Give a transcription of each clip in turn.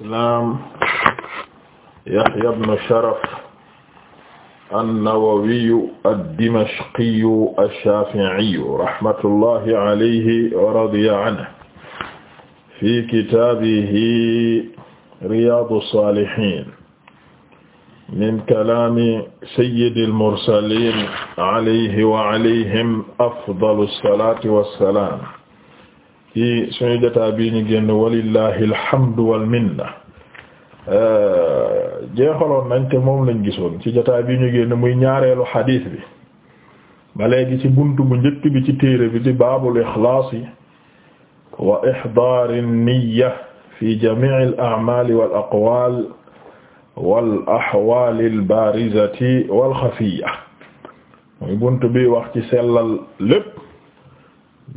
islam yahya ibn sharaf an-nawawiyu ad-dimashqiyu ash-shafi'iyu rahmatullahi alayhi wa radiya anhu fi kitaabihi riyaadu saalihiin min kalaami sayyidil mursaliin alayhi wa alayhim afdalu salaati wa salaam ci suñu jotaa bii ñu génn walillahi alhamdu wal minna euh, jeexaloon nañ te moom lañ gisoon ci jotaa bii ñu génn muy ñaareelu xadiis bi ba ci buntu bu njëkk bi ci téere bi di baabul ixlaasi wa ixdaari nniya fi jamici al acmaali wal albaarizati wal muy buntu bi wax ci sellal lépp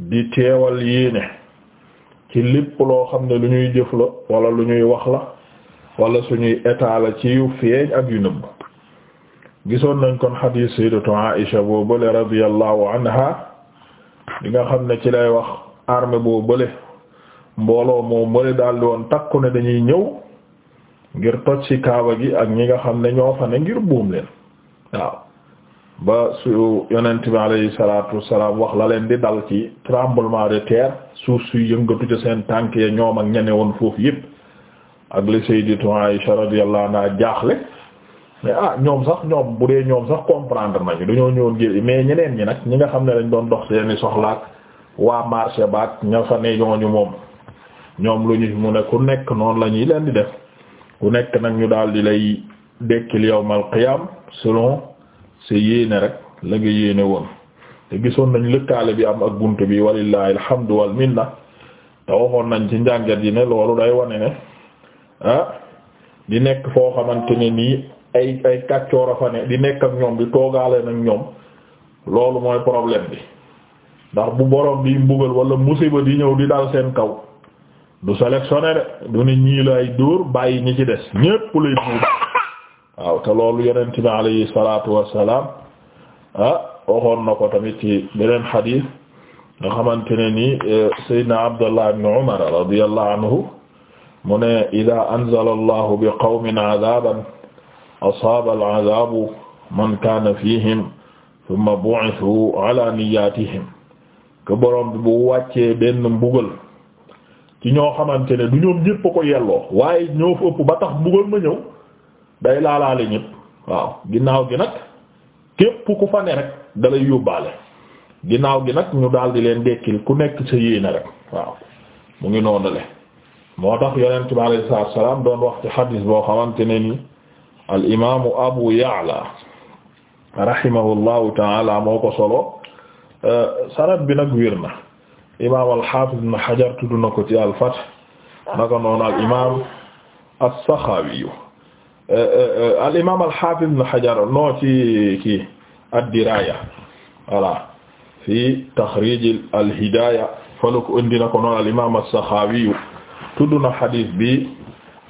di teewal yéene ci lipp loo xam ne lu ñuy jëf la wala lu ñuy wax la wala suñuy état la ci yu feeñ ak yu nëbb gisoon nañ kon xadiis sayyidatu Aisha boo bële radiyallahu anha di nga xam ne ci lay wax armée boo bële mbooloo moo bële daldi woon takku ne dañuy ñëw ngir toj ci kaaba gi ak ñi nga xam ne ñoo fa ne ngir buum leen waaw ba su yonent bi alayhi salaatu wassalaam wax la leen di dal ci tremblement de terre suuf suy yëngatu ca seen tànk ya ñoom ak ñene woon foofu yépp ak le sayyidatu Aisha radiyallahu anha jaaxle mais ah ñoom sax ñoom bu dee ñoom sax comprendre nañu dañoo ñëwoon ngir mais ñeneen ñi nag ñi nga xam ne dañ doon dox seeni soxlaak waa marché baak ña fa ne ñooñu moom ñoom lu ñu mu ne ku nekk noonu la ñuy leen di def ku nekk nag ñu daal di lay dekkil yawmal qiyam selon sa yéene rek la nga yéene woon te gisoon nañ lëkkaale bi am ak bunt bi walillahi alhamdu wal minna te waxoon nañ ci njànget yi ne loolu day wane ne ah di nekk foo xamante ne nii ay ay kàccoor a fa ne di nekk ak ñoom di toogaale nag ñoom loolu mooy problème bi ndax bu borom bi mbugal wala musiba di ñëw di dal seen kaw du sélectionné de du ne ñii lay dóor bàyyi ñi ci des ñépp lay buub waaw te loolu yonent bi alayhi salaatu wassalaam ah, waxoon na ko tamit ci beneen xadiis nga xamante ne ni e, Seydina Abdullah ibn Umar radiyallahu anhu mu ne ida anzala allahu bi qawmin azaban asaaba alazabu man kaana fihim thumma bu wàccee benn mbugal ci ñoo xamante ne du ñoom ñëpp ko yelloo waaye ñoo fa ëpp ba tax mbugal ma ñëw day laalaale ñëpp waaw ginnaaw gi nag képp ku fa rek dalay yóbbaale ginnaaw gi nag ñu daal di leen dekkil ku nekk sa yéene rek waaw mu ngi noonale moo tax yonent bi alayhi salaatu salaam doon wax ci xadiis boo xamante ne ni al imaamu Abu Ya'la rahimahullahu taala moo ko solo eh, sanad bi nag wér na imaam al-Haafiz Ibn Hajar tudd ko ci al-Fath naka noonu al imaam as-Saxaawi eh, eh, al imaam al-Haafiz Ibn Hajar noo ci kii. ad-diraya voilà fi taxrij al-hidaya fala ko indi na ko noon al imam as-Sakhawi tudd na xadis bi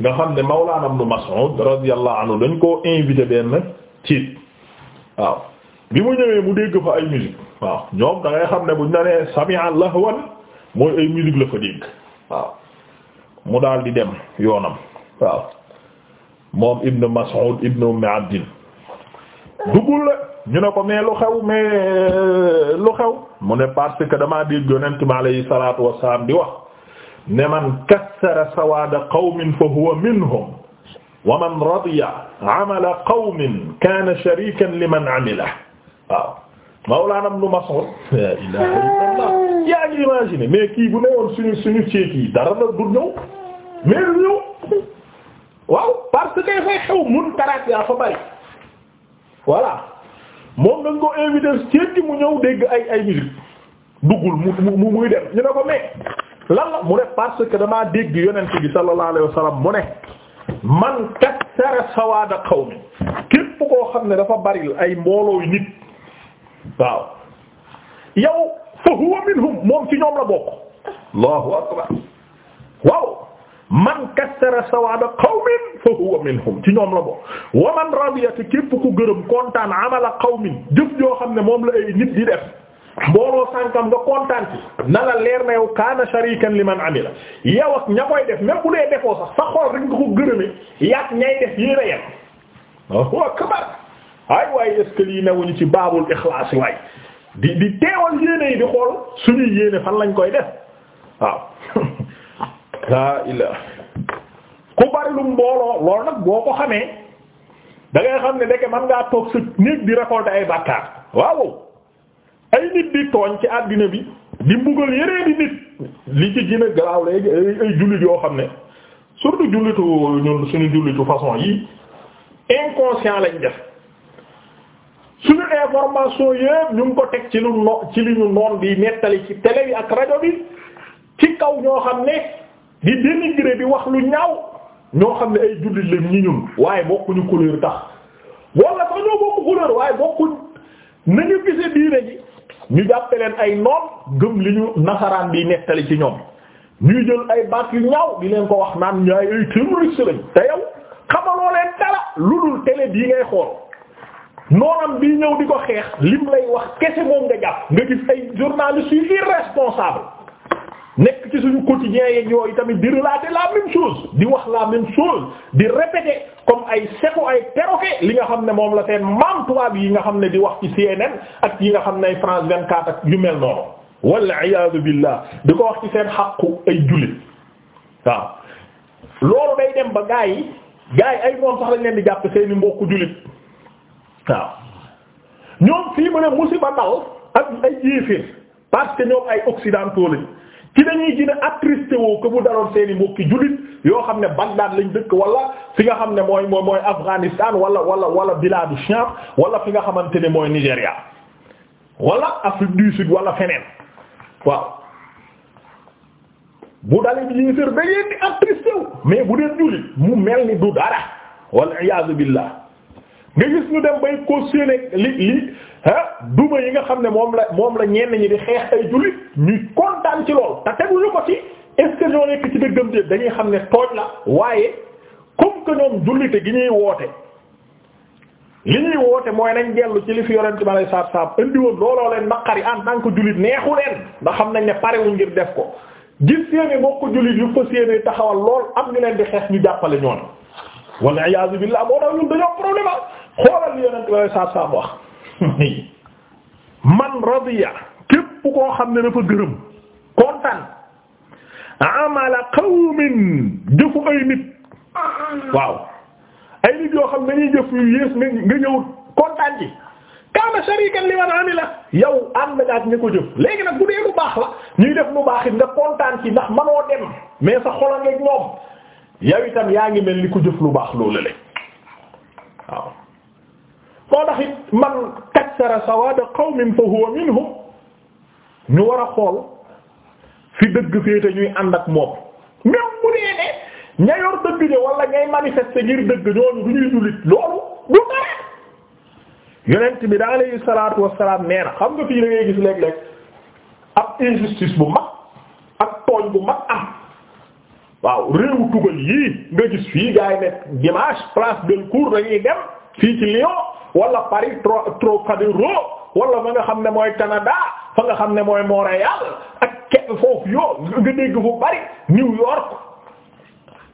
nga xam ne mawlaana Ibn Mas'ud radiyallahu anhu dañ koo invité benn tiit bi mu ñëwee mu dégg fa ay musique ñoom da ngay xam ne bu na nee sami'a lahwan mooy ay musique la fa dégg mu daal di dem yoonam moom Ibn Mas'ud ibn Umm Abdin dugul ñu ne ko mais lu xew mais euh, lu xew mu ne parce que damaa dégg yonent mi alayhi salaatu di wax ne man kassara sawaada qawmin fa huwa minhum wa man radiya amala qawmin kaana sharikan liman amila waaw Mawlaana Ibn Mas'ud la ilaha illallah yaa ngi imaginer mais kii bu newoon suñu suñu ceet yi dara na du ñëw mais du moom dañ ko invité ceeb gi mu ñëw dégg ay ay musique duggul mu mu muy dem ñu ne ko mais lan la mu ne parce que damaa dégg yonent bi sallallahu alayhi wa sallam mu ne man kassara sawaada qawmi képp koo xam ne dafa bari ay mboolooy nit waaw yow fa huwa minhum moom ci ñoom la bokk allahu akbar waaw man kassara sawaada qawmin fa huwa minhum ci ñoom la bo wa man radiya képp ku gërëm kontaan amala qawmin jëf joo xam ne moom la ay nit di def mbooloo sànkam nga kontaan ci na la leer na yow kaana sharikan liman amila yow ak ña koy def même bu dee defoo sax sa xol rek nga ko gërëme yaat ñay def yéen a yem wa akbar ay waaye est-ce que lii newuñu ci baabul ixlaas waay di di teewal yéene yi di xool suñuy yéene fan lañ koy def waaw laa ilaa ku bari lu mbooloo loolu nag boo ko xamee dangay xam ne ndeke man ngaa toog sa néeg di récolter ay bàkkaar waaw ay nit di tooñ ci àddina bi di mbugal yeneen di nit li ci gën a garaaw léegi ay jullit yoo xam ne surtout jullitu ñun suñu jullitu façon yi inconscient lañ def suñu information yépp ñu ko teg ci lu no ci li ñu noon bi nettali ci télé yi ak rajo bi ci kaw ñoo xam ne di dénigrer di wax lu ñaaw ñoo xam ne ay jullit lañ ñi ñun waaye bokkuñu couleur tax wala sax bokku couleur waaye bokkuñ nañu gisee diine ji ñu jàppe leen ay noon gëm li ñu nasaraan bi nettali ci ñoom ñuy jël ay baat yu ñaaw di leen ko wax naan ñaay ay terroriste lañ te yow xamaloo leen dara lu dul télé bii ngay xool noonam bii ñëw di ko xeex lim lay wax kese moom nga jàpp nga gis ay journalistes yu irresponsable nekk ci suñu quotidien yeeg yooyu tamit di relater la même chose di wax la même chose di répéter comme ay seku ay perroquet li nga xam ne moom la seen maam yi nga xam ne di wax ci CNN ak yi nga xam ne France 24 ak yu mel noonu walla iyaadu billah di ko wax ci seen xaqu ay julit waaw loolu day dem ba gaa yi gaa yi ay moom sax lañ leen di jàpp seeni mbokku jullit waaw ñoom fii mu ne musiba ak ay yéeféer parce que ñoom ay occidentaux ci nañuy gën a attristé woo que mu daloon seeni mbokki jullit yoo xam ne Bagdad lañ dëkk wala fi nga xam ne mooy mooy mooy Afghanistan wala wala wala biladu Sham wala fi nga xamante ne mooy Nigéria wala Afrique du Sud wala feneen waaw bu dalee bi yéeféer ba ngeen di mais bu dee jullit mu mel ni du dara wal iyaazu billah nga gis ñu dem bay cautionner li li ah duma yi nga xam ne moom la moom la ñenn ñi di xeex ay jullit ñuy kontaan ci lool te teguñu ko ci est-ce ñoo nekk ci dëggam dañuy xam ne tooñ la waaye comme que ñoom jullite gi ñuy woote li ñuy woote mooy nañ dellu ci li fi yorente ma lay saab saab indi looloo leen naqari en tant que jullit neexu leen ndax xam nañ ne parewu ngir def ko gis seeni ko jullit yu fa seeni taxawal lool am ñu leen di xeex ñu jàppale ñoon walla iyaazu billaah moo man radiya képp koo xam ne dafa gërëm kontaan amala qawmin jëfu ay nit waaw ay nit yoo xam ne dañuy jëf yu yées nga ñëw kontaan ci kaana sharikan liman amila yow am nga ak ñi ko jëf léegi nag bu dee lu baax la ñuy def lu baax it nga kontaan ci ndax manoo dem mais sa xola nga ñoom yow yaa ngi mel ni ku jëf lu baax loolu la moo tax it man kassara sawaada qawmin fa huwa minhum ñu war a xool fi dëgg féete ñuy ànd ak moom même bu dee ne ña yor dëgg de wala ngay manifester ngir dëgg ñooñu du ñuy jullit loolu du dara yonent bi da alayhi salaatu wassalaam nee na xam nga fii da gis léeg-léeg ab injustice bu mag ak tooñ bu mag am waaw réewu tugal yii nga gis fii gaay ne dimanche place Bellecour dañuy dem fii ci Lyon wala Paris Trocadéro wala fa nga xam ne mooy Canada fa nga xam ne mooy Montréal ak ke foofu yoo nga dégg fu bari New York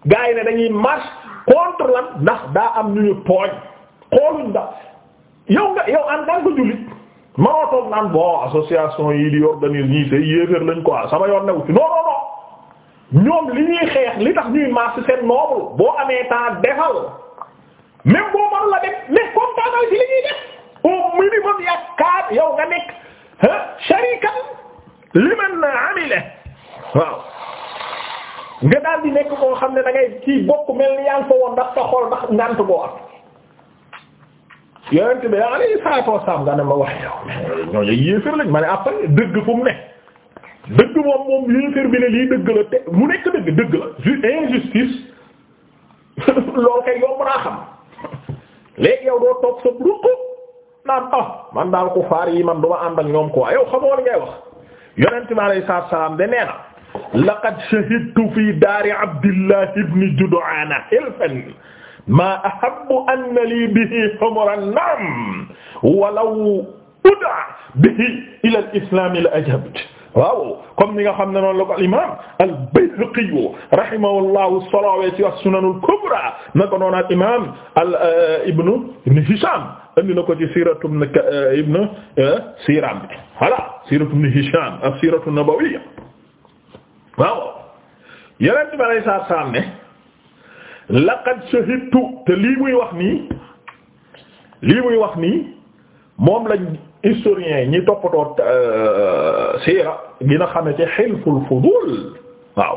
gars yi ne dañuy marche contre lan ndax daa am ñu ñu tooñ xooluñ ndax yow nga yow en tant que jullit manoo toog naan bon association yi di organise ñii tay yéeféer lañ quoi sama yoon newu ci non non ñoom li ñuy xeex li tax ñuy marche seen noble boo amee temps defal même boo la dem mais kontaanal ci li ñuy def au minimum yaakaar yow nga nekk sharikan liman amile waaw nga daal di nekk koo xam ne da ngay ci bokk mel ni yaa fa woon ndax ngant boo am yonent nga ne lañ ma après dëgg fu mu ne dëgg moom moom yéefar bi ne lii dëgg la te mu nekk dëgg dëgg la ju injustice loolu kay yomb naa xam léegi yow doo toog sa ruq naan ah, man daal ku yi man du ma ànd ak ñoom quoi yow xamoo li ngay wax yonent fi daari abdillah ibn jud'ana hilfan ma ahabbu an li bihi humra nam walaw ud'a bihi ila al la ajabtu waaw comme ni nga xam ne noonu la ko al imam al-Bayhaqi rahimahullahu solowee ci as-Sunan al-Kubra na ko noonu al imam al eh, ibnu ibn Hisham andi na ko ci siratu ibn eh, eh, siram bi voilà siratu ibn Hisham ak siratu nabawiyya waaw yeneen bi alay saat salaam ne laqad shahidtu te lii muy wax nii lii muy wax nii moom lañ historien ñi toppatoo euh, siira gën a xame ci hilful fudul waaw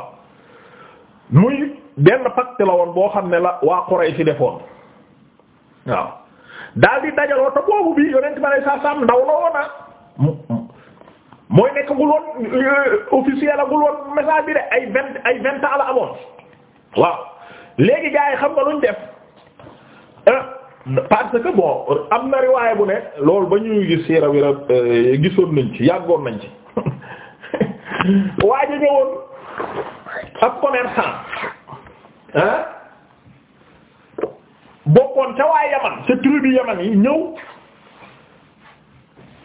muy benn pacte la boo xam ne la waa Quraysh ci defoon waaw daal di dajaloo te boobu bi yonent ma lay saasaam ndaw la ah. mooy nekk gul woon euh, officiel a woon message bi de ay vingt ay vingt ans la waaw léegi gaa yi xam nga luñ def euh, parce que bon am na riwaay bu ne loolu ba ñuy gis siira wi rab euh, gisoon nañ ci yàggoon nañ ci waa ji ñëwoon ab commerçant ah bokkoon ca waa yaman ca tribu yaman yi ñëw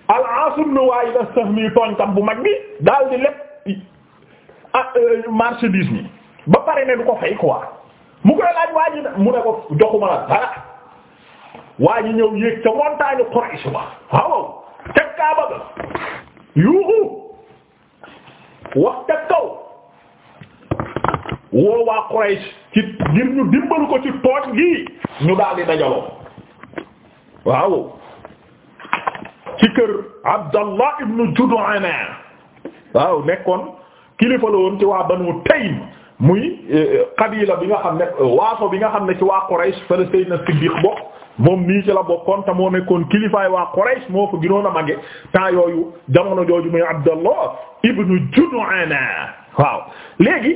al-Asim nu waayi da sax mi tooñtam bu mag bi daal di lépp ah euh, marchandise ba pare ne du ko fay quoi mu koy laaj waa ji mu ne ko joxuma la dara waa ji ñëw yéeg ca montagne Quraysh ba waaw ca Kaaba yuuxu wax ca kaw woo waa Quraysh ci ngir ñu dimbalu ko ci tooñ gi ñu daal di dajaloo waaw ci kër Abdallah ibn Jud'ana waaw nekkoon kilifa la ci waa Banu Taym muy qabila eh, eh, bi nga xam ne waaso bi nga xam ne ci waa Quraysh fële Sayyidina Siddiq bokk moom nii ci la bokkoon te moo nekkoon kilifaay waa Quraysh moo fa gënoon a màgge temps yooyu jamono jooju muy Abdallah ibnu Judu'ana waaw léegi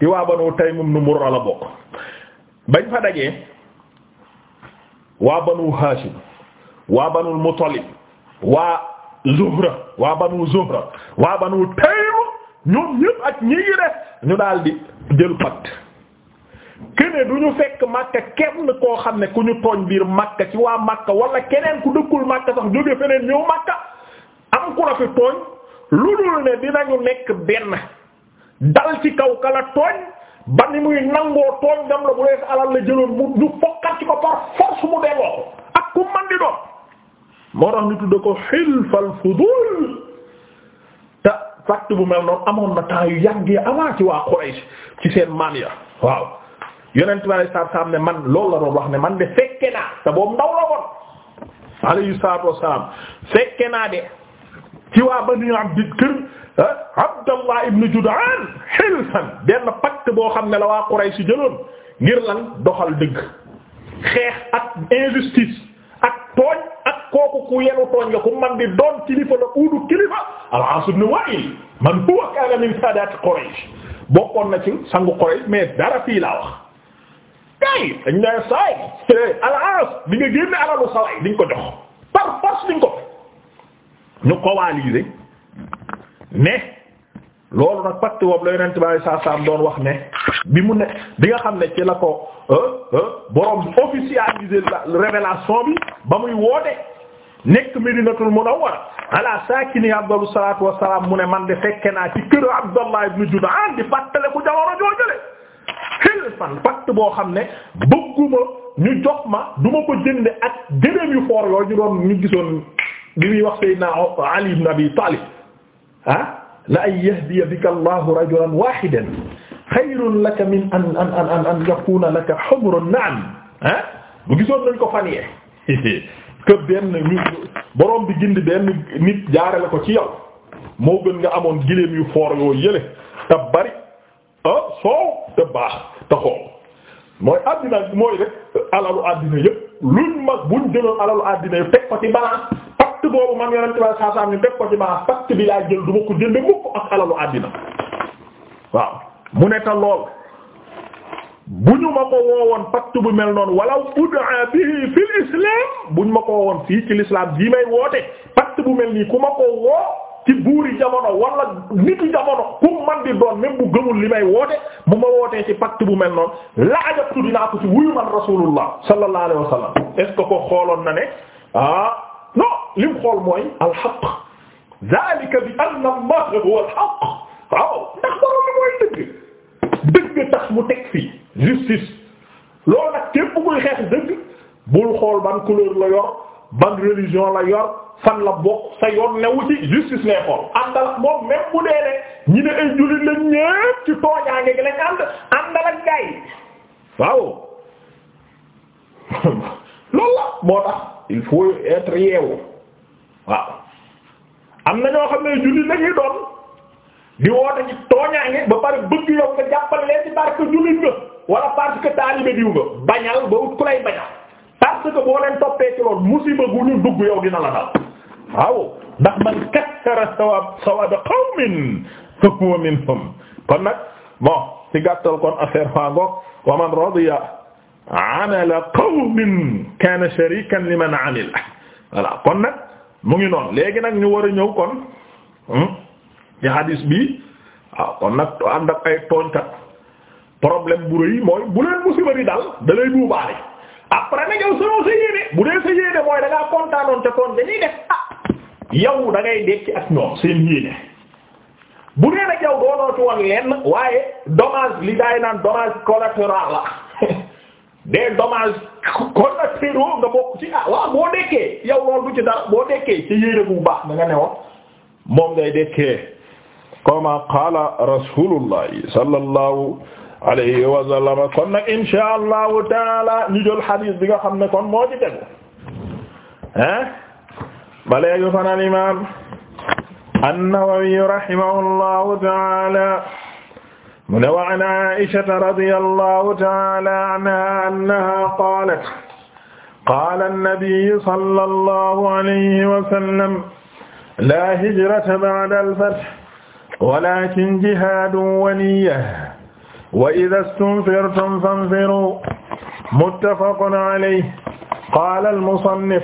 di waa Banu Taym ibnu Murra la bokk bañ fa dajee waa Banu Hashim waa Banu Muttalib waa Zuhra waa Banu Zuhra waa Banu ak ñi ngi def daal di jël pacte kene du ñu fekk Makka kenn koo xam ne ku ñu tooñ biir Makka ci waa Makka wala keneen ku dëkkul Makka sax jóge feneen ñëw Makka am ku la fi tooñ lu dul ne dinañu nekk benn dal ci kaw kala tooñ ba ni muy nangoo tooñ dam la bu lees alal la jëloon mu ñu ci ko par force mu delloo ko ak ku man di doon moo tax ñu tudde ko xilfal fudul te fatt bu mel noonu amoon na temps yu yàggee avant ci waa Quraysh ci seen maam ya waaw yonent bi alayhi salaatu salaam ne man loolu la doon wax ne man de fekke naa te boobu ndaw la woon alayhi salaatu wassalaam fekke naa de ci waa Banu Abd kër ah, Abdallah ibn Jud'aan hilfan benn pacte boo xam ne la waa Quraysh jëloon ngir lan doxal dëgg xeex ak injustice ak tooñ ak kooku ku yenu tooñ nga ku man di doon kilifa la uudu kilifa al-Aas ibn Waa'il man huwa kaana min saadaati Quraysh bokkoon na ci sangu Quraysh mais dara fii laa wax kay dañ na saay alaas di nga génne alalu salay diñ ko jox par force diñ ko ñu coalisé mais loolu nag pacte boobu la yonent bi saa saam doon wax ne bi mu ne bi nga xam ne ci la ko euh, euh, borom officialisé la révélation bi ba muy woote nekk Medinatul Munawwara ala saakini abdalu salaatu wassalaam mu ne man de fekke naa ci kër Abdallah ibn Jud'aan di fàttale ku jamono joojale xilfan pacte boo xam ne bëgguma ñu jox ma du ma ko jënde ak gëléem yu foor yooyu ñu doon ñu gisoon bi muy wax Seydina Ali ibn Abi Talib ah la an yahdiya bika Allahu rajulan wahidan xayrun laka min an an an an yakuna laka humrun na'am ah bu gisoon nañ ko fan yee que benn ñu bi gindi benn nit jaare ko ci yow moo gën nga amoon giléem yu foor yoo yële te ah soow te baax te xool mooy addina mooy rek alalu addina yëpp luñ mag buñ jëloon alalu addina yëpp teg ko ci balance pacte boobu man yonent ba saa saa ñu teg ko ci balance pacte bi laa jël du ma ko jënde mukk ak alalu addina waaw mu nekk lool bu ñu ma ko woowoon pacte bu mel noonu walaw ud'a bihi fil islam buñ ma ko woowoon fii ci l'islam bii may woote pacte bu mel nii ku ma ko woo ci buuri jamono wala nitu jamono ku man di doon même bu gëmul li may woote bu ma wootee ci pacte bu mel noon la ajabtu dinaa ko ci wuyu man rasulullah sallallahu alayhi wa sallam ko xooloon na ne ah non li mu xool mooy alxaq zalika bi anna allah huwa alxaq waaw ndax borom mooy dëgg dëgg tax mu teg fii justice loolu nag képp kuy xeex dëgg bul xool ban couleur la yor ban religion la yor fan la bokk sa yoon newu ci justice lay xool àndal ak moom même bu dee ne ñi ne ay jullit lañ ñépp ci tooñaange gi lañ ànd àndal ak waaw loolu la tax il faut être yeewu waaw am na ñoo xam ne jullit lañuy doon di woote ci tooñaange ba pare bëgg yow nga jàppale leen ci parce que jullit nga wala parce que taalibe diw nga bañal ba ut ku lay bañal parce que boo leen toppee ci loolu musiba gu dugg yow dina la dal waaw ndax man kassara sawab sawab qawmin fa huwa minhum kon nag bon ci gàttal kon affaire fa ngoog wa man radiya amala qawmin kana sharikan liman amila voilà kon nag mu ngi noonu léegi nag ñu war a ñëw kon hmm, ci hadis bi waaw kon nag ànd ak ay tooñkat problème bu rëy mooy bu leen musiba di dal da lay buubaale après nag yow selon bu dee sa mooy da ngaa kontaanoon te toon dañuy def ah yow da ngay dekki ak ñoom waaye dommage li daay naan dommage collatéral la des dommages collatéraux ah, boo dekkee yow loolu du ci dara boo dekkee ci bu baax na nga ne woon dekkee kama qaala rasulullahi sallallahu alayhi wa sallama kon nag insha allahu taala ñu jël xadiis bi nga xam ne kon moo ci tegu ah ba léegi fan al imam an-Nawawi rahimahullahu taala mu ne wa an Aïshata radiyallahu taala anha annaha qaalat qaala an-nabiyyu sallallahu alayhi wa sallam laa hijrata ba'da al-fath walaakin jihaadun wa niyya wa idha istunfirtum fanfiru muttafaqun alayhi qaala al-musannif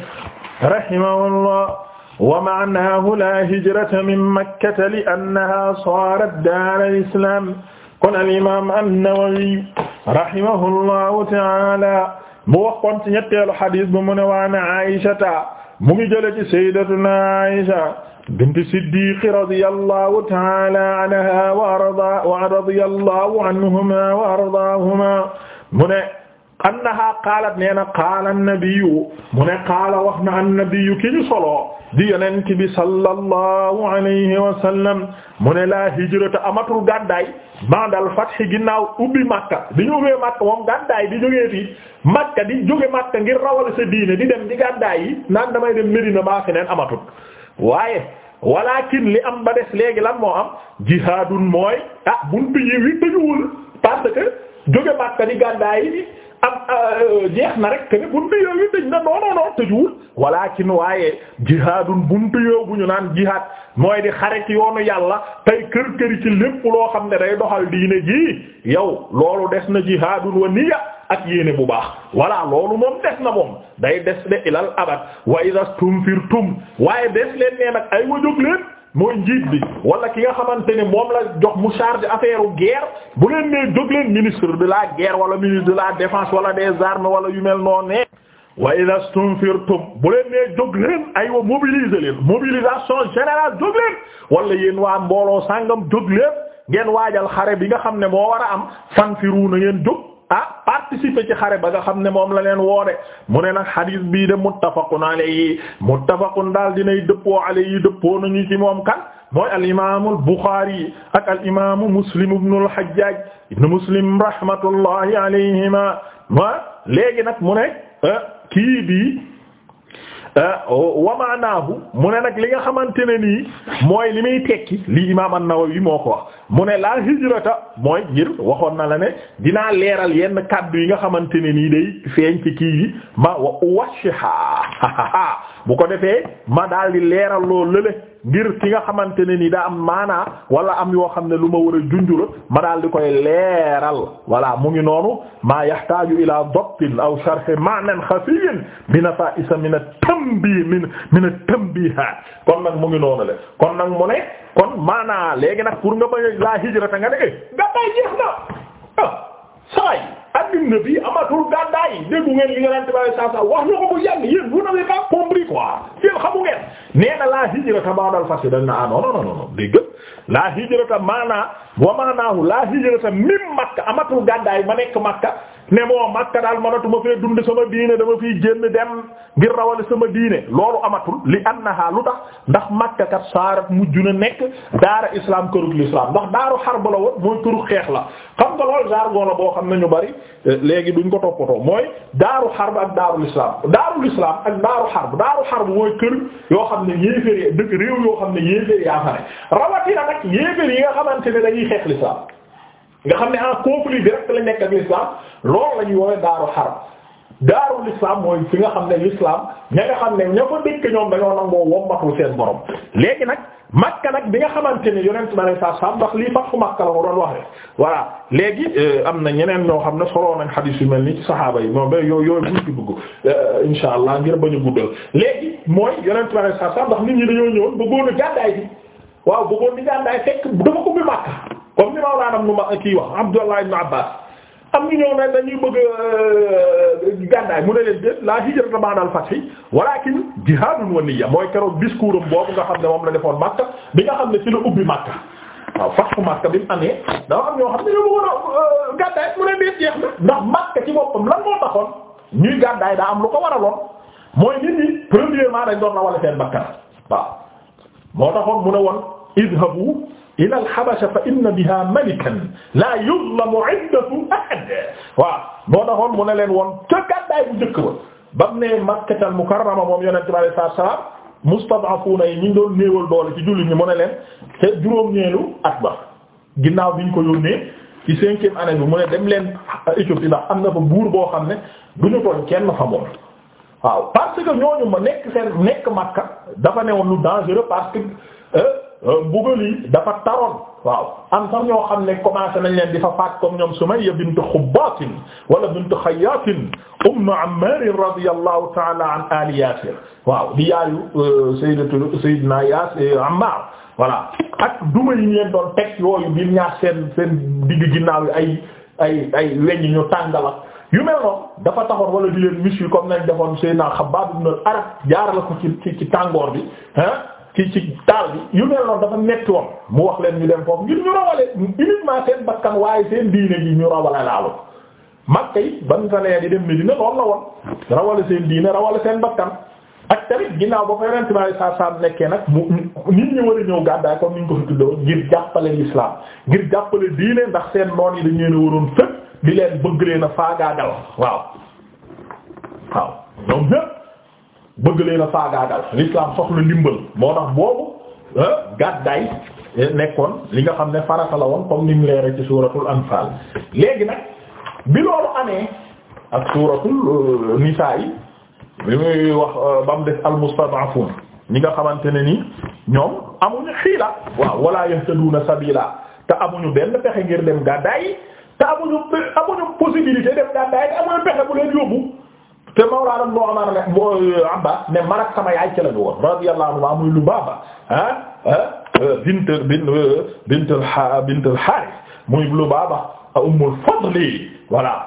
rahimahullah wa ma'an haahulaa hijrata min makkata li-annahaa saarat daaral islaam kon al-imaam an-Nawawi rahimahullahu ta'aala mu wax kon ci ñetteelu hadiis bi mu ne waan Aysata mu ngi jële ci sayyidatuna Aysa binti siddiqi radiyallahu taala anha wa arda wa radiyallahu anhuma wa ardaahuma mu ne annaha qaalat nee na qaala annabiyu mu ne qaala wax na annabiyu ki ñu solo di yonent bi sallallahu alayhi wa sallam mu ne laa hijrata amatul gàddaay ba'dal fath ginnaaw ubbi Makka di ñu ubbee Makka moom gàddaay di jógee fi Makka di jóge Makka ngir rawal sa diine di dem di gàddaay yi naan damay dem Medina maa fi neen amatul waaye walakin li am ba des léegi lan moo am jihaadun mooy ah buntu yi wi tëjuwul parce que jóge Makka di gàddaa am euh, jeex na rek que ne buntu tëj na non tëjuwul walakin waaye jihaadun buntu yoo ñu naan jihaad mooy di xare ci yoonu yàlla tey kër këri ci lépp loo xam ne day doxal diine ji yow loolu des na jihaadun wa niyya ak yéene bu baax voilà loolu moom des na moom day des de ilal abad wa idas tumfirtum waaye des leen nee nag ay wa jóg leen mooy njiit bi wala ki nga xamante ne moom la jox mu charge affaire u guerre bu leen nee jóg leen ministre de la guerre wala ministre de la défence wala des armes wala yu mel noonu ne wa idas tumfirtum bu leen nee jóg leen ay wa mobiliser leen mobilisation générale jóg leen wala yéen waa mbooloo sangam jóg leen ngeen waajal xare bi nga xam ne moo war a am fanfiru na ngeen jóg ah participer ci xare ba nga xam ne moom la leen woode mu ne nag xadiis bii de muttafaqun alayhi muttafaqun daal dinay dëppoo alayhi dëppoo nañu ci moom kan mooy al imaamu Buxaari ak al imaamu Muslim ibnu al Hajjaaj ibnu Muslim rahmatullahi alayhima léegi nag mu ne eh, kii bi Euh, wa mu ne nag li nga xamante ne nii mooy li muy tekki li imaam an-Nawawi moo ko wax mu ne laa hijrata mooy ngir waxoon na la ne dinaa leeral yenn kàddu yi nga xamante ne nii day feeñ ci kii yi ma wa washiha bu ko defee ma daal di leeral loo lële ngir ki nga xamante ne ni daa am maanaa wala am yoo xam ne lu ma war a junjula ma daal di koy leeral voilà mu ngi noonu maa yaxtaaju ila dabtin aw sharhi ma'nan xafiyin bi nafa'isa min at-tanbih min min at-tanbihat kon nag mu ngi noonu le kon nag mu ne kon maanaa léegi nag pour nga bañ laa hijrata nga ne e eh, gàddaay jeex na ah saay addina bi amatul gàddaay déggu ngeen li nga daan te bawe wax na ko bu yàgg yéen bu nawee ne la hijrata ba'dal fath dañ na ah non non non dégg la hijrata maanaa wa maanaahu la hijrata min makka amatul gàddaay ma nekk makka ne moo Makka daal manatuma fee dund sama diine dama fiy génn dem ngir rawale sama diine loolu amatul li annaha lu tax ndax Makka kat saarat mujj na nekk daara islaam kërug l'islam ndax daaru xarb la woon mooy këru xeex la xam nga lool jargon la boo xam ne ñu bari eh, léegi duñ ko toppatoo mooy daaru xarb ak daaru l'islam daaru l'islam ak daaru xarb daaru xarb mooy kër yoo xam ne yéeféer dëkk réew yoo xam ne yéeféer yaa rawatina nag yéeféer yi nga xamante ne dañuy xeex l'islam nga xam ne en conflit direct la nekk ak l'islam loolu la ñuy woowee daaru xarb daaru l'islam mooy fi nga xam ne l'islam ña nga xam ne ña ko dëkk ñoom dañoo nangoo wommatul seen borom léegi nag makka nag bi nga xamante ne yonent na ne saa saam ndax lii fatxu makka la ko doon wax rek voilà léegi euh, am na ñeneen ñoo xam ne soloo nañ xadiis yu mel ni sa saxaaba yi moom ba yooyu yooyu buñ ci dugg euh, insha allah ngir bañu guddal léegi mooy yonent na ne saa saam ndax nit ñi dañoo ñëwoon waaw bëggoon di gàddaay fekk dafa ubbi comme ni Mawlana nu ma kii wax Abdullah ibn Abbas am ñu ñëw ne dañuy bëgg euh, gànnaay mu ne leen déet la hijrata ba'da al-fath walakin jihadun wa niyya mooy keroog discours am boobu nga xam ne moom la defoon Makka bi nga xam ne ci la ubbi Makka waaw Makka bi mu amee dafa ne ñu bëggoon a euh, gàddaay mu ne déet jeex na ndax Makka ci boppam lan moo taxoon ñuy gàddaay daa am lu ko waraloon mooy nit ñi premièrement dañ doon la wala seen bakkan waaw moo taxoon mu ila al-Habasha fa inna biha malikan la yuzlamu indahu ahad waaw moo taxoon mu ne leen woon ca gàddaay bu njëkk ba bam ne Makkatal Mukarrama moom yonente bi alayhi salaam mustad'afuuna yi ñi doon néewal doole ci jullit ñi mu ne leen te juróom-ñeelu at ba ginnaaw biñ ko yónnee ci cinquième année bi mu ne dem leen Éthiopie ndax am na fa buur boo xam ne duñu tooñ kenn fa moom waaw parce que ñooñu ma nekk seen nekk Makka dafa newoon lu dangereux parce euh, Euh, mbugal yi dafa taroon waaw am ñoo xam ne commencé nañ leen di fa faat comme ñoom Sumayya bint Xubbaat wala bint Xayyaat ummu Ammaar radiyallahu ta'ala an ali Yaasir waaw di yaayu euh, sayyidatu sayyidina Yaasir euh, Ammaar voilà ak duma yi ñu leen doon teg yooyu biir ñaar seen seen digg ginnaaw ay ay ay weñ ñu tàngal ak yu mel noonu dafa taxoon wala di leen miss yi comme nañ defoon sayyidina Xabbaab ibn al-Arat jaarale ko ci ci tàngoor bi ah ci ci taal bi yu mel noonu dafa metti woon mu wax leen ñu dem foofu ngir ñu rawale uniquement seen bakkan waaye seen diine gi ñu rawale laalu Makka yi ban talee di dem Medina loolu la woon rawale seen diine rawale seen bakkan ak tamit ginnaaw ba fa yonent bi alayhi salaatu salaam nekkee nag mu nit ñi war a ñëw gàddaay comme ni ñu ko fi tuddee ngir jàppale l'islam ngir jàppale diine ndax seen noon yi dañu leen a waroon fët di leen bëgg leen a faagaagal waaw waaw bëgg leen a faagaagal l'islam soxla ndimbal moo tax boobu ah, gàddaay eh, nekkoon li nga xam ne farata la woon comme nim leere ci suuratul anfaal léegi nag bi loolu amee ak suuratul euh, nisaa yi li muy wax euh, ba mu des almustad'afuun ñi nga xamante ne ni ñoom amuñu xiila waaw wala yahtaduuna sabila te amuñu benn pexe ngir dem gàddaay te amuñu amuñu possibilité dem gàddaay te amuñu pexe bu leen yóbbu te Mawlana Ibn Umar ne mooy Abbas ne man ak sama yaay ca la ñu woon radiyallahu anhu maa muy Lubaaba ah ah bint bint bint bint al muy Lubaaba Ummul Fadli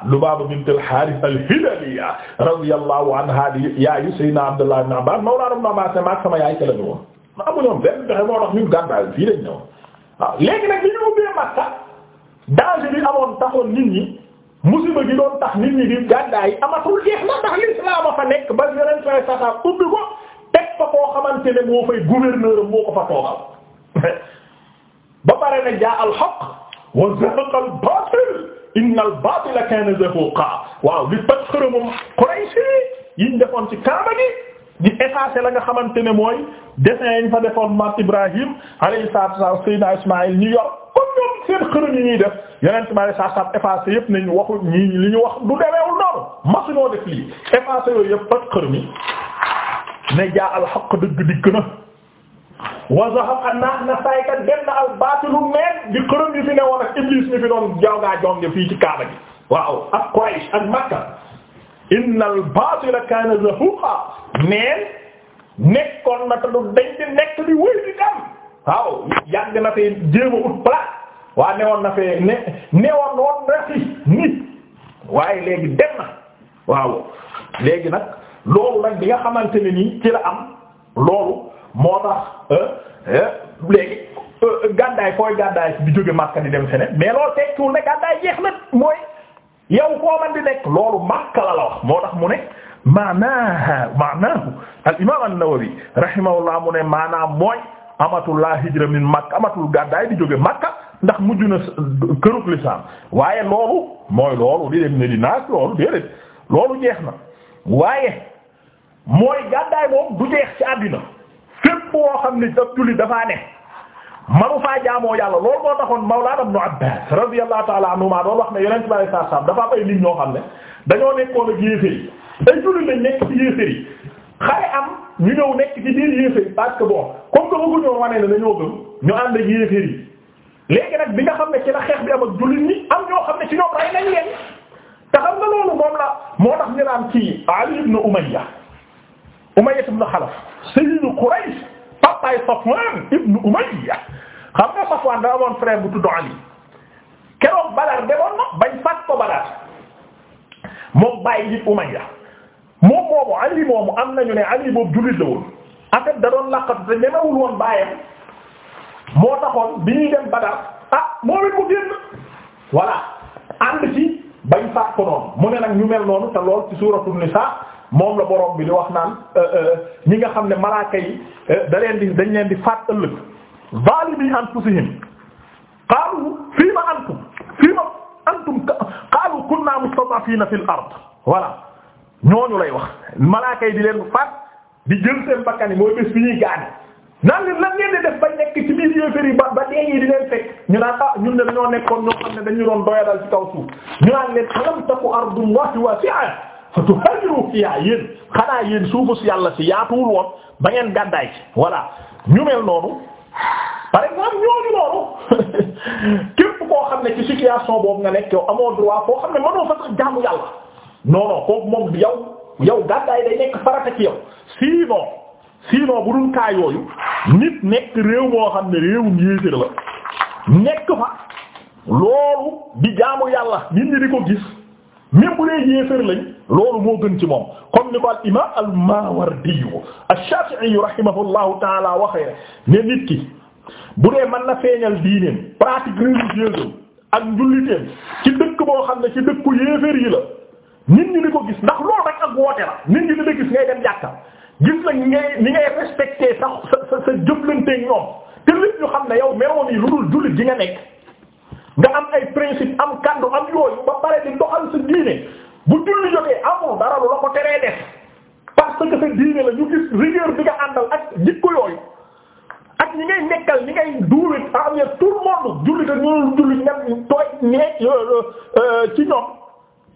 Lubaaba bint al-Harith al-Hilaliya radiyallahu anha yaayu Sayyidina Abdullah ibn Abbas Mawlana Ibn Abbas ne man ak sama yaay ca la ñu woon. amu ñoom benn pexe moo tax ñun gàddaay fii lañ ñëw waaw léegi nag li ñu musiba gi doon tax nit ñi di gàddaay amatul jeex na ndax l'islam a fa nekk ba yeneen fay saxaar ubbi ko teg fa koo xamante ne moo fay gouverneur moo ko fa toogal ba pare na jaa al haqq wa zahaqa al batil inna al batila kana zahuqa waaw li toj xërëmum Quraysh yiñ defoon ci Kaaba gi di effacer la nga xamante ne mooy dessin yañ fa defoon Mount Ibrahim alayhi salaatu wa salaam Seydina Ismaïl ñu yor comme ñoom seen xërëm yi ñuy def yeneen ci maanaam saa saa effacer yëpp nañu waxu ñi li ñu wax du demeewul noonu masinoo def lii effacer yooyu yëpp pat xërëm yi ne jaa al haqq dëgg dikk na. wa zahaqa naax na saykat dem na al baatilu meen di xërëm yi fi ne woon ak iblis mi fi doon jaww jonge fii ci Kaaba gi waaw ak Quraysh ak Makka. innal baatila kaana zahuuqa neen nekkoon na te du dañ di nekk di wéy di dem waaw yàgg na fee jéem a ut place waa newoon na fee ne newoon na fi nit waaye léegi dem na waaw léegi nag loolu nag bi nga xamante ne nii ci la am loolu moo tax euh, euh, léegi euh, gàddaay fooy gàddaay bi jóge Makka di dem feneen mais loolu tekkiwul ne gàddaay jeex na mooy. yow koo man di nekk loolu Makka la la wax moo tax mu ne maanaaha maanaahu al imaam an-Nawawi rahimahullah mu ne maanaam mooy amatul laa hijra min Makka amatul gàddaay di jóge Makka ndax mujj na kërug lislaam waaye loolu mooy loolu di dem ne di naag loolu déedéet loolu jeex na waaye mooy gàddaay moom du jeex ci àddina fépp boo xam ne ab jullit dafaa ne manu faa jaamoo yàlla loolu moo taxoon Mawlaana Ibnu Abbaas radiyallahu ta'ala anhuma doon wax ne Yonent bi sallallahu alayhi wasallam dafa am ay nit ñoo xam ne dañoo nekkoon ak yéefar yi day julli lañ nekk ci yéefar yi xare am ñu ñëw nekk ci biir yéefar yi parce que bon comme que bëggu ñoo wane ne dañoo gëm ñu ànd ak yéefar yi léegi nag bi nga xam ne ci la xeex bi am ak jullit ñi am ñoo xam ne ci ñoom rey nañ leen te xam nga loolu moom la moo tax ñu naan ci Ali ibn Umayya Umayya ibn Xalaf sayyidu Quraysh papaay Safwan ibn Umayya xam nga Safwan da amoon frère bu tudd Ali keroog Badar demoon na bañ faat ko Badar moom bàyyi ji Umayya moom moomu Ali moomu am nañu ne Ali boobu jullit la woon en da doon laqatu te nemewul woon bàyyam moo taxoon bi ñuy dem Badar ah moom it mu génn voilà ànd ci bañ faat ko noonu mu ne nag ñu mel noonu te lool ci suuratul Nisaa moom la borom bi di wax naan euh, euh, ñi nga xam ne malaaka yi euh, da leen di dañ leen di faat ëllëg. zalimi anfusihim qaalu fiima antum fiima antum qaalu kunna mustad'afina fil ard voilà ñooñu lay wax malaaka yi di leen faat di jël seen bakkan yi mooy bés bi ñuy gaane naan leen lan ngeen di def ba nekk ci biir yéefar yi ba ba léegi di leen fekk ñu naan ah ñun de dañoo nekkoon ñoo xam ne dañu doon doyadal ci kaw suuf ñu naan leen alam taku ardullahi wasi'a fatuhajiru fiha yéen xanaa yéen suufu si yàlla si yaatuwul woon ba ngeen gàddaay ci voilà ñu mel noonu par exemple ñooñu loolu képp koo xam ne ci situation boobu nga nekk yow amoo droit koo xam ne mënoo fa sax jaamu yàlla non kooku moom yow yow gàddaay day nekk farata ci yow sinon sinon bu dul kaa nit nekk réew moo xam ne réew yéesér la nekk fa loolu di jaamu yàlla nit ñi di ko gis même bu dee yéesér lañ loolu moo gën ci moom comme ni ko al imam al Mawardi ash-Shafi'i rahimahullahu taala waxee ne nit ki bu dee man na feeñal diineem pratique religieuse ak njulliteem ci dëkk boo xam ne ci dëkku yéeféer yi la nit ñi di ko gis ndax loolu rek ak woote la nit ñi di la ngay dem jàkka gis la ngay ni ngay respecté sa sa sa jëflanteeg ñoom te lépp ñu xam ne yow meewoon yi lu dul jullit gi nga nekk nga am ay principe am kàddu am yooyu ba pare di doxal sa diine bu julli jógee amul dara lu la ko teree def parce que sa diine la ñu gis rigueur bi nga àndal ak jikko yooyu ak ñi ngay nekkal ñi ngay duulit am tout le monde julli te ñoolu julli ñam tooy ñee euh, euh, ci ñoom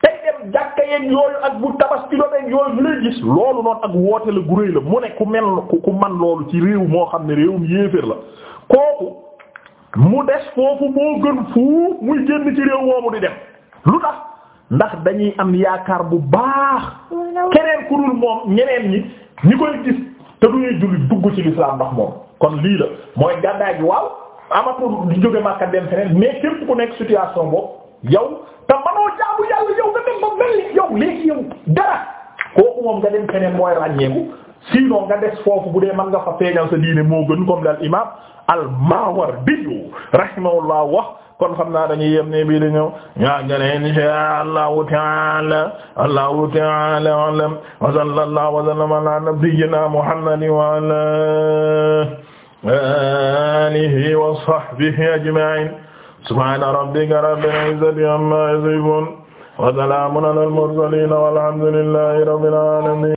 tey dem jàkka yeeg yooyu ak bu tabaski doon yooyu ñu lay gis loolu noonu ak woote la gu rëy la mu ne ku mel ku man loolu ci réew moo xam ne réew réewum yéeféer la kooku mu des foofu moo gën fuuf muy génn ci réew moomu di dem lu tax ndax dañuy am yaakaar bu baax keneen ku dul moom ñeneen ñi ñi koy gis te du ñuy dugg ci lislaam ndax moom kon lii la mooy gàddaay gi waaw amatul di jóge Makka dem feneen mais képp ku nekk situation boobu yow te manoo jaamu yàlla yow nga dem ba mel ni yow léegi dara kooku moom nga dem feneen mooy ràññeeku sinon nga des foofu bu dee man nga fa feeñal sa diine moo gën comme al imaam al Mawardi rahimahullah wax kon xam naa dañuy yem ne bii di ñëw ñaa gëne insha allahu taala allahu taala alam wa sallallahu wa sallama ala nabiyyina muhammadin wa ala alihi wa sahbihi ajma'in subhana rabbika rabbil izzati amma yasifun wa salamun ala al mursalin walhamdulillahi rabbil alamin